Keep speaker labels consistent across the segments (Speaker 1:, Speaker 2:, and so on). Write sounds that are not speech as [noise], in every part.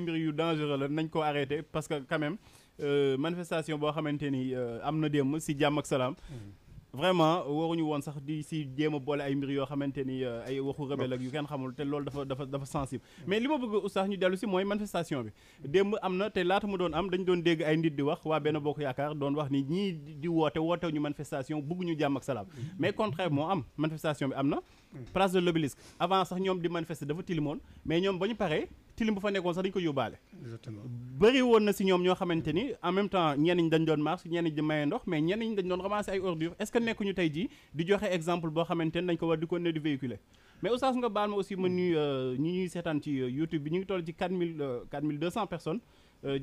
Speaker 1: mbir yu dangereux la nañ ko arrêté parce que quand même euh, manifestation boo xamante ni euh, am na démb si jàmm ak salaam. Mm-hmm. vraiment waruñu woon sax di si jéem a boole ay mbir yoo xamante ni euh, ay waxu rebelle ak yu kenn xamul te loolu dafa dafa dafa sensible mm-hmm. mais li ma bëgg oustaz ñu dellu si mooy manifestation bi démb am na te laata mu doon am dañ doon dégg ay nit di wax waa benn bokk yaakaar doon wax ni ñii di woote woote ñu manifestation bëgguñu jàmm ak salaam mm-hmm. mais contraire moo am manifestation bi am na place de l'obélisque avant sax ñoom di manifester dafa tilimoon mais ñoom ba ñu tilim bu fa nekkoon sax dañu ko yóbbaale. exactement bëri woon na si ñoom ñoo xamante ni en même temps ñenn dañ doon marche ñenn ñi di mais ñenn ñi dañ doon ramasser ay ordures est-ce que nekkuñu tey jii di joxe exemple boo xamante ni dañ ko war di ko ne di véhiculer. mais oustaz nga baal ma aussi ma nuyu euh, ñi ñuy seetaan ci euh, YouTube bi ñu ngi toll ci 4000 4200 euh, personnes.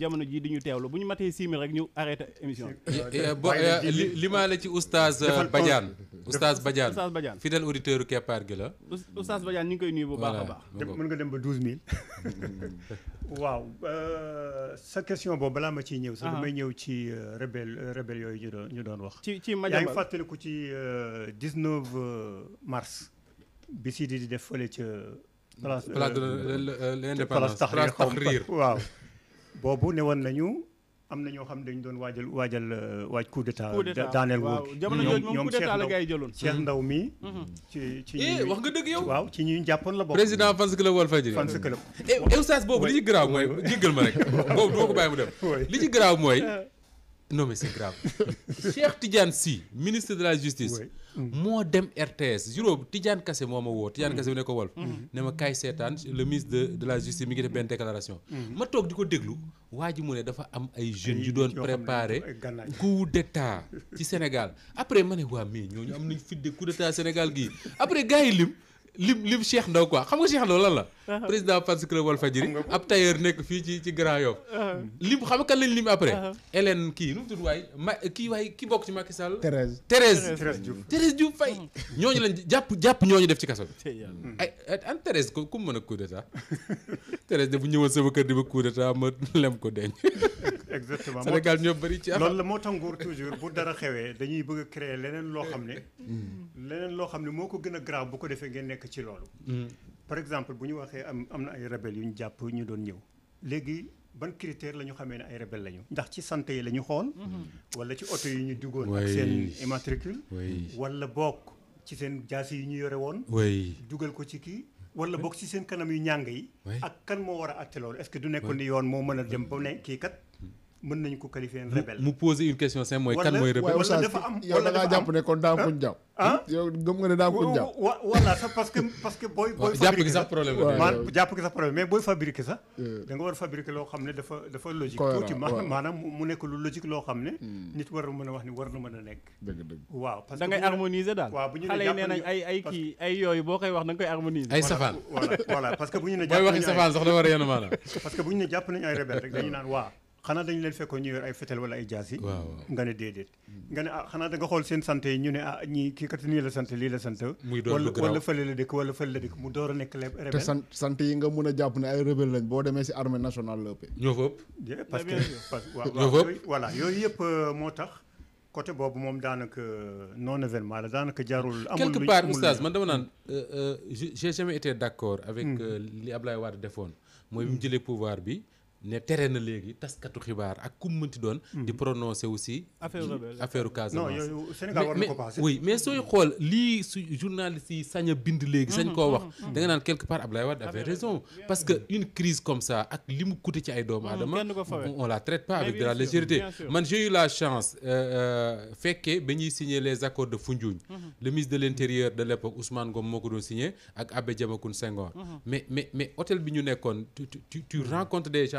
Speaker 1: jamono jii di ñu teewlu bu ñu matee 6000 rek ñu arrêté émission bi. li li maa la
Speaker 2: ci oustaz Badiane. Oustaz Badiane Oustaz Badiane fidèle auditeur keppaar gi la.
Speaker 1: Oustaz Badiane ñu ngi koy nuyu bu baax a baax. mën nga
Speaker 3: dem ba [laughs] waaw euh, sa question boobu balaa ma ciy ñëw. sax may ñëw ci euh, rebelle euh, rebelle yooyu ñu doon ñu doon wax. ci ci Madiambal yaa ngi fàttaliku ci 19 mars. bi si di def fële ca. place de l'indépendance place waaw. boobu ne woon nañu. am na ñoo xam dañ doon waajal waajal euh, waaj coup d'état daaneel nguur gi jamono jooju moom coup d'état la gars yi jëloon Cheikh Ndaw mii mm-hmm. eh,
Speaker 2: wax nga dëgg yow waaw ci ñuy jàppoon la bokk président fans club Walfadjri fans club eh, eh, oustaz boobu li ci garaaw mooy jéggal ma rek [laughs] boobu duma ko bàyyi mu dem li ci garaaw mooy [laughs] non mais c'est grave Cheikh ministre de la justice Mm-hmm. moo dem RTS juróom Tidiane Kassé moo ma woo Tidiane Kassé bu ne ko Walf mm-hmm. ne ma kaay seetaan le ministre de de la justice mi ngi def benn déclaration mm-hmm. ma toog di ko déglu waa ji mu ne dafa am ay jeunes yu doon préparer coup d'état ci Sénégal après ma ne waa mais ñooñu am nañ fidde de d'état Sénégal gii après gars yi lim lim lim Cheikh Ndaw quoi xam nga Cheikh Ndaw lan la. Uh-huh. président Fans Club Walfadjri ab tailleur nekk fii ci ci Grand Yoff. Uh-huh. lim xam nga ka lañ lim après. Uh-huh. Hélène kii nu mu tudd waay ma kii waay ki bokk ci Macky Sall. Thérèse Thérèse Diouf Thérèse Diouf Faye. ñooñu lañ jàpp jàpp ñooñu def ci kaso bi. Mm-hmm. ay an Thérèse ku mu mën a coup d'état [laughs] Thérèse dafa ñëwoon sama kër di ba coup d'état ma lem ko denc. [laughs]
Speaker 3: exactement Sénégal ñoo bëri ci loolu la moo tax nguur toujours bu dara xewee dañuy bëgg a créer leneen loo xam ne mm. leneen loo xam ne moo ko gën a grave bu ko defee ngeen nekk ci loolu mm. par exemple bu ñu waxee am am na ay rebelle yu ñu jàpp ñu doon ñëw léegi ban critère la ñu xamee ne ay rebelle lañu ndax ci santé yi la ñu xool mm-hmm. wala ci oto yi ñu duggoon ak seen immatricule wala bokk ci seen jaasi yi ñu yore woon dugal ko ci kii wala bokk ci seen kanam yu ñàng yi ak kan moo war a atte loolu est yoon moo mën a dem ba ne kii kat mën nañu ko qualifier en rebelle. mu
Speaker 2: poser une question
Speaker 3: [laughs] que parce que booy. [laughs] booy a loo xam ne dafa dafa logique. tuuti maanaam mu nekk lu logique loo xam ne. Hmm. nit war na mën a wax ni war na mën a nekk. dëgg dëgg daal. xale yi nee
Speaker 1: ay kii ay yooyu
Speaker 3: boo koy wax da koy
Speaker 2: harmoniser. ay safaan
Speaker 3: sax da war a yenn maanaam. parce que bu ñu ne [laughs] jàpp nañu ay rebelle rek dañu naan waa xanaa dañu leen fekkoon ñu yor ay fetel wala ay jaas yi nga ne déedéet nga ne ah xanaa da nga xool seen sant yi ñu ne ah ñii kii kat nii la sant lii la sant wala wala fële la dëkk wala fële la dëkk mu door a nekk rebelle te
Speaker 1: sant yi nga mun a jàpp ne lañ boo demee si armée nationale
Speaker 3: la ëppee ñoo fa ëpp parce que parce que waaw voilà yooyu yëpp euh, moo tax côté boobu moom daanaka euh, non événement la daanaka jaarul amul quelque part oustaz man dama naan
Speaker 2: euh, j'ai jamais été d'accord avec hmm. li Ablaye Wade defoon mooy bi mu hmm. jëlee pouvoir bi ne tere na léegi taskatu xibaar ak kum mënti doon. Mhm. di prononcer aussi. affaire Casamance. non mais sooy xool lii su yi sañ a bind léegi. sañ mhm. koo wax mhm. da nga naan quelque part Ablaye Wade avait parce que une crise comme ça ak li mu ci ay doomu aadama. on la traite avec la légèreté. man j'ai eu la chance euh, euh, fekkee ba ñuy signer les accords de Foundiougne. le ministre de l' de l' époque Ousmane moo ko doon signé ak Abbé Diamacoune Senghor. mais mais hôtel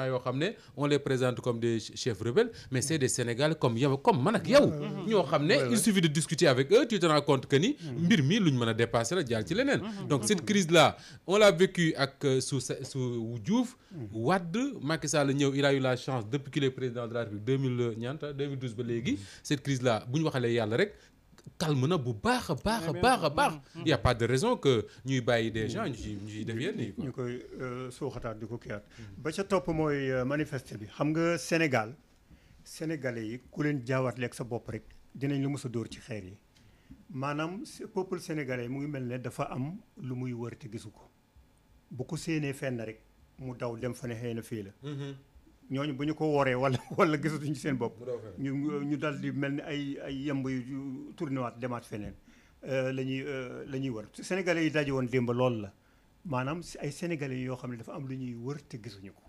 Speaker 2: yoo xam ne on les présente comme des chefs rebelles mais c'est des Sénégalais comme yow comme man ak yow. ñoo xam ne il suffit de discuter avec eux tu compte que ni. mbir mi luñ mën a dépassé la jaar ci leneen. donc cette crise là on l'a vécu ak su euh, su Diouf. Wade Macky Sall ñëw il a eu la chance depuis qu'il est président de la République deux mille euh, ba léegi cette crise la bu ñu waxalee yàlla rek. calme na bu
Speaker 3: baax a baax a baax a baax. Mm,
Speaker 2: mm. y' a pas de raison que ñuy bàyyi des gens ñu ciy ñu ciy def yenn yi quoi.
Speaker 3: ñu koy euh, suuxataat di ko kiyaat ba ca topp mooy euh, manifeste bi xam nga Sénégal sénégalais yi ku leen jaawaat leeg sa bopp rek dinañ lu mës a dóor ci xeer yi maanaam peuple sénégalais mu ngi mel ne dafa am lu muy wër te gisu ko bu ko séenee fenn rek mu daw dem fa ne xëy na fii la. Mm-hmm. ñooñu bu ñu ko wooree wala [laughs] wala gisatuñu seen bopp. ñu ñu dal di mel ni ay ay yemb yu tourné waat demaat feneen. Euh, la ñuy euh, la ñuy wër sénégalais yi daje woon démb loolu la maanaam si ay sénégalais yoo xam ne dafa am lu ñuy wër te gisuñu ko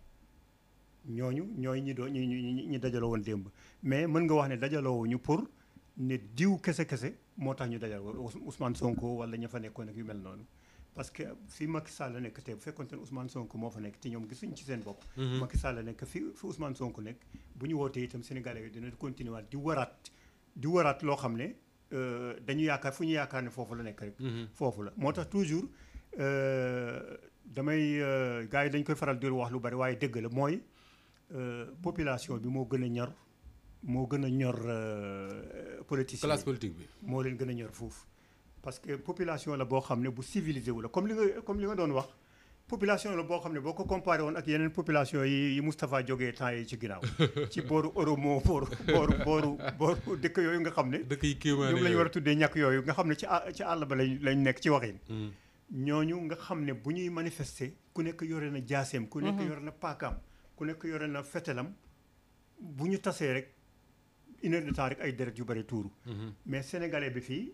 Speaker 3: ñooñu ñooy ñi doon ñi ñi dajaloo woon démb mais mën nga wax ne dajaloo ñu pour ne diw kese kese moo tax ñu dajal Ousmane Sonko wala ña fa nekkoon ak yu mel noonu. parce que fi Macky Sall la nekk tey bu fekkoon te ne Ousmane moo fa nekk te ñoom gisuñ ci seen bopp. Mhm. Macky Sall la nekk fi fi Ousmane sonk nekk bu ñu wootee itam Sénégalais yi dina continuer waat di waraat di waraat loo xam ne euh, dañu yaakaar fu ñu yaakaar ne foofu la nekk mhm. foofu la moo tax toujours euh, damay euh, gars yi dañ koy faral di wax lu bari waaye dëgg la mooy population bi moo gën a ñor moo gën a ñor politicien. classe politique bi moo leen gën a ñor foofu. parce que population la boo xam ne bu civilisé wu la comme li nga comme li nga doon wax population la boo xam ne boo ko comparé woon ak yeneen population yi yi Moustapha jógee temps yi ci ginnaaw [laughs] ci booru Oromo booru booru booru booru dëkk yooyu nga xam ne dëkk yi kéemaan ñoom la ñu war a tuddee ñàkk yooyu nga xam ne ci ci àll ba lañ lañ nekk ci waxin mm. ñooñu nga xam ne bu ñuy manifester ku nekk yore na jaaseem ku nekk mm-hmm. yore na paakaam ku nekk yore na fetelam bu ñu tasee rek une heure de temps rek ay deret yu bëri tuuru mm-hmm. mais sénégalais bi fii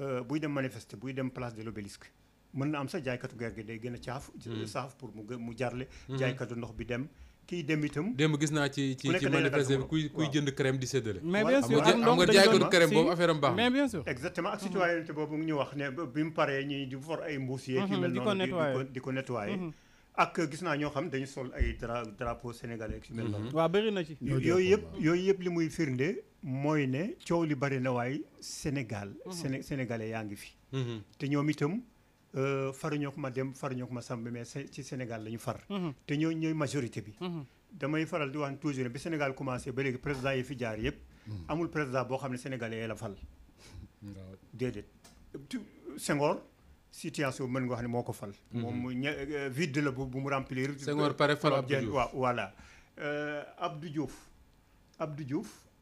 Speaker 3: Euh, buy dem manifester buy dem place de l'obélisque mën na am sax jaaykatu ger gi day gën a caaf. Mm. saaf pour mu gë mu jarle. Mm-hmm. jaaykatu ndox bi dem. kiy dem itam démb gis naa ci ci ci manifester kuy kuy jënd crème di séddale. mais bien sûr am nga jaaykatu crème boobu affaire am exactement ak citoyenneté boobu ñu wax ne bi mu paree ñi di for ay mbuus yeeg yu mm-hmm, mel noonu di ko nettoyer mm-hmm. ak gis naa ñoo xam dañu sol ay dra drapeau sénégalais ak yu mel noonu waaw bëri na ci yooyu yëpp yooyu yëpp li muy firnde mooy ne coow li bari na waaye Sénégal. Mhm. Séné sénégalais yaa ngi fi. Mhm. te ñoom itam euh, faruñoo ma dem faruñoo ma sàmm mais ci Sénégal la ñu far. Mhm. te ñoo ñooy majorité bi. damay faral di wax ne toujours bi Sénégal commencé ba léegi président yi fi jaar yëpp. amul président boo xam ne sénégalais la fal. déedéet Senghor. situation mën nga wax ne moo ko fal. moom ña euh, vide la bu mu remplir. Senghor pare fal Abdou Diouf waaw voilà. Euh,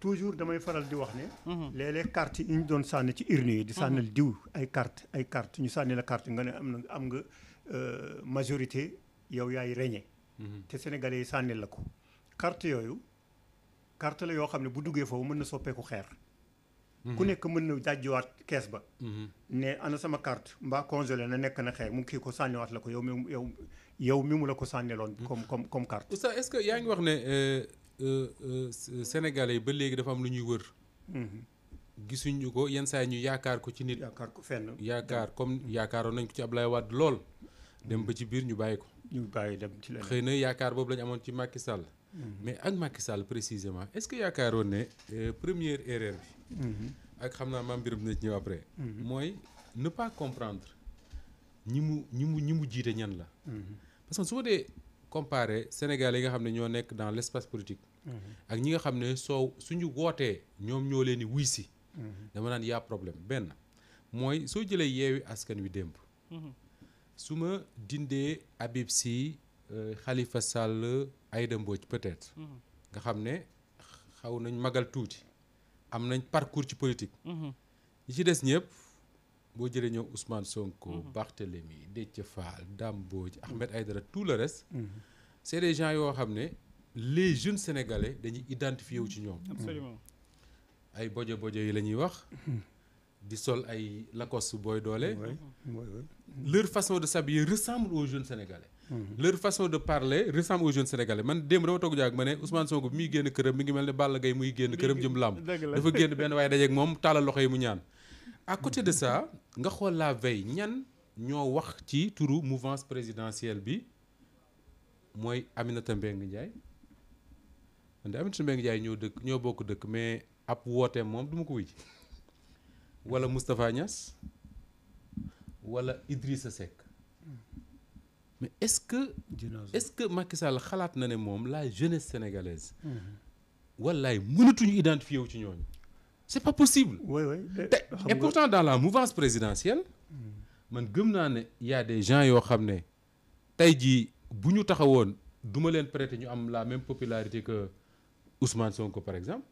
Speaker 3: toujours damay faral di wax ne. Mhm. léeg-léeg carte yi ñu doon sànni ci urne yi. di sànnal mhm. diw ay carte ay carte ñu sànni la kart nga ne am na am nga euh, majorité yow yaay régné. Mhm. te sénégalais yi sànni la ko. carte yooyu carte la yoo xam ne bu duggee foofu mën na soppeeku xeer. ku nekk mën na dajjiwaat kees ba. ne ana sama kart mbaa congelé na nekk na xeer mu kii ko sànniwaat la ko yow mi yow mi mu la ko sànniloon. comme comme
Speaker 2: yaa ngi wax ne. Euh, Euh, euh, sénégalais yi ba léegi dafa am lu ñuy wër. Mhm. gisuñu ko yenn saa yi ñu yaakaar ko ci nit. yaakaar ko fenn yaakaar comme yaakaaroon nañ ko ci Ablaye Wade lool. dem ba ci biir ñu bàyyi ko. ñu bàyyi dem ci leneen xëy na yaakaar boobu lañ amoon ci Macky Sall. Mhm. mais ak Macky Sall précisément est-ce que yaakaaroon ne euh, première erreur bi. Mhm. ak xam naa ma Birame dina ci ñëw après. mooy ne pas comprendre ñi mu ñi mu ñi mu jiite ñan la. parce su ma dee comparer Sénégal yi nga xam ne ñoo nekk dans l' espace politique. Mhm. ak ñi nga xam ne soo suñu wootee ñoom ñoo leen di wuy si. Mhm. dama naan yaa problème benn mooy soo jëlee yeewi askan wi démb. Mhm. su ma dindee Habib Sy xalifa euh, Sall Aïda Mbodj peut-être. nga xam ne xaw nañ magal tuuti am nañ parcours ci politique. ñi ci des ñëpp. boo jëlee ñoom Ousmane Sonko. Mhm. Barthélémy Déthié Fall Dame Mbodj mhm. Ahmed Aïdara tout le res mhm. c' est des gens yoo xam ne les jeunes sénégalais dañuy identifié wu ci ñoom. absolument ay bojo bojo yi la ñuy wax. di sol ay lacoste booy doole. leur façon de s'habiller ressemble aux jeunes sénégalais. leur façon de parler ressemble aux jeunes sénégalais man démb dama toog jaag ma ne Ousmane Sonko bi muy génn këram mi ngi mel ne Balla Gaye muy génn këram jëm làmb dafa génn benn waaye dajeeg moom tàllal loxo yi mu ñaan. à de ça nga xool la veille ñan ñoo wax ci turu mouvance présidentielle bi mooy Aminata Mbengue Ndiaye man de ñoo dëkk ñoo bokk dëkk mais ab wooteem moom duma ma ko wuji wala Moustapha Niass wala Idrissa Seck mais est-ce que est-ce que Macky Sall xalaat na ne moom la jeunesse sénégalaise mm-hmm. wallaay mënatuñu identifié wu ci ñooñu c'est pas possible. oui oui et dans la mouvance présidentielle. man gëm naa ne y a des gens yoo xam ne tey jii bu ñu taxawoon du ma leen prêter ñu am la même popularité que Ousmane Sonko par exemple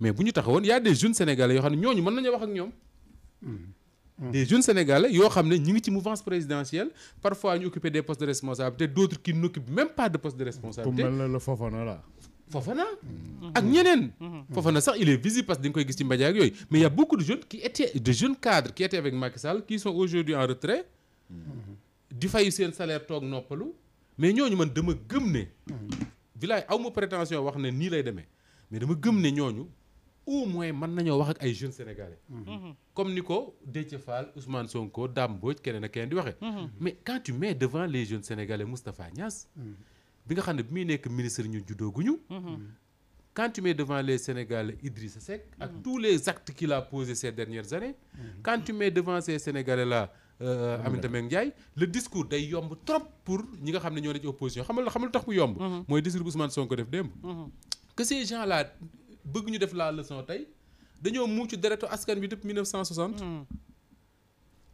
Speaker 2: mais bu ñu taxawoon y a des jeunes sénégalais yoo xam ne ñooñu mën nañu wax ak ñoom. Mm-hmm. des jeunes sénégalais yoo xam ne ñu ngi ci mouvance présidentielle parfois ñu occuper des postes de responsabilité d'autres qui n'occupent même pas de poste de responsabilité. ku mel la. Fofana mm-hmm. ak ñeneen. Mm-hmm. Fofana sax il est visible parce que dañ koy gis ci médias ak yooyu mais il y a beaucoup de jeunes qui étaient de jeunes cadres qui étaient avec Macky Sall qui aujourd'hui en retrait. Mm-hmm. di fay seen salaire toog noppalu. mais ñooñu man dama gëm ne. village aw ma prétention wax ne nii lay demee mais dama gëm ne ñooñu au moins mën nañoo wax ak ay jeunes sénégalais. comme ni ko Déthié Fall Ousmane Sonko Dame Mbodj keneen ak keneen di waxee. mais quand tu mets devant les jeunes sénégalais Moustapha bi nga xam ne bi muy nekk ministre ñu juddooguñu mhm. quand tu mets devant les Sénégalais Idrissa Seck ak mhm. tous les actes qu'il a posés ces dernières années mhm. quand tu mets devant ces Sénégalais là euh, Aminata Mbengue Ndiaye le discours day yomb trop pour ñi nga xam ne ñoo ne ci opposition xamal xamal tax mu yomb mooy discours bu Ousmane Sonko def démb que ces gens là bëgg ñu def la leçon tey dañoo muucu deretu askan bi depuis 1960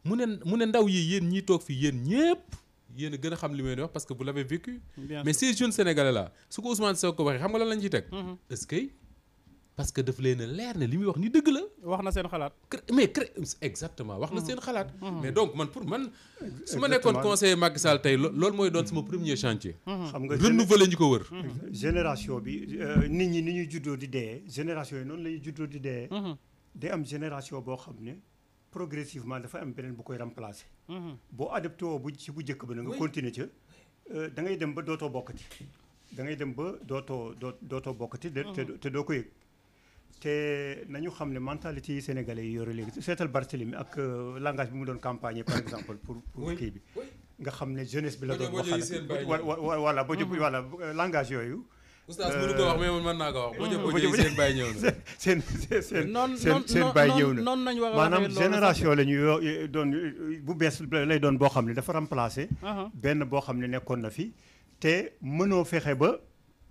Speaker 2: mu ne mu ne ndaw yi yéen ñi toog fii yéen ñëpp yéen a gën a xam li may wax parce que vous l'avez vécu mais ces jeunes sénégalais là su ko Ousmane Sonko waxee xam nga lan lañ ciy teg mhm. est-ce que leen a leer ne li muy wax ni dëgg la wax na seen xalaat mais cré exactement wax na mhm. seen xalaat mhm. mais donc man pour man su ma nekkoon conseiller Macky Sall tey loolu mooy doon sama premier chantier xam nga ñu ko wër
Speaker 3: génération bi euh, nit ñi ni ñuy juddoo di dee génération yi noonu la ñuy juddoo di dee day am génération progressivement dafa am beneen bu koy remplacer. Mhm. boo adopté bu ci bu njëkk bi na nga continuer ca euh, dangay dem ba dootoo bokkati da ngay dem ba dootoo doo dootoo bokkati. Mhm. te doo ko yëg te nañu xam ne mentalité yi sénégalais yi yore léegi seetal Barthélemy ak euh, langage bi mu doon campagne par exemple pour pour kii bi nga xam ne jeunes bi la doon waxal voilà ba jub mhm. voilà langage yooyu oustaz mënu ko wax mais man naa ko wax. boo jëlee boo jëlee seen bàyyi ñëw na. [laughs] seen seen seen seen seen bàyyi ñëw na maanaam génération lañu ñuy doon bu bees lay doon boo xam ne dafa remplacé. Uh-huh. benn boo xam ne nekkoon na fi te mënoo fexe ba.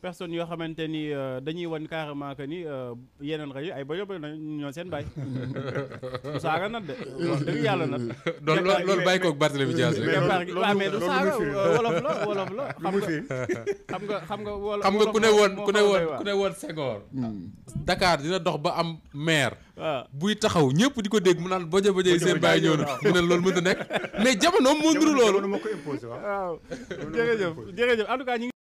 Speaker 1: personnes yoo xamante ni euh, dañuy wan carrément que ni euh, yeneen rajo ay bajo bajo ñoo seen baay [laughs] du saaga nag de dëgg yàlla nag [laughs] loolu loolu bàyyi koog Barthélémy Dias rek waaw mais euh, la wolof [laughs]
Speaker 2: xam nga xam nga wolof xam nga ku ne woon ku ne woon ku ne woon Senghor hmm. dina dox ba am maire waaw ah. buy taxaw ñëpp di ko dégg mu naan bajo bajo yi seen baay ñëw na mu ne loolu mënta nekk
Speaker 1: mais jamono moo loolu waaw jërëjëf jërëjëf en tout cas